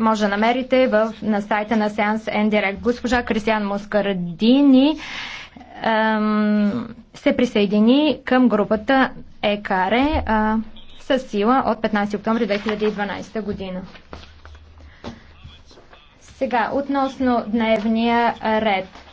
може да намерите в, на сайта на Сеанс Ндирект. Госпожа Кристиан Москардини ем, се присъедини към групата ЕКАРЕ с сила от 15 октомври 2012 година. Сега, относно дневния ред.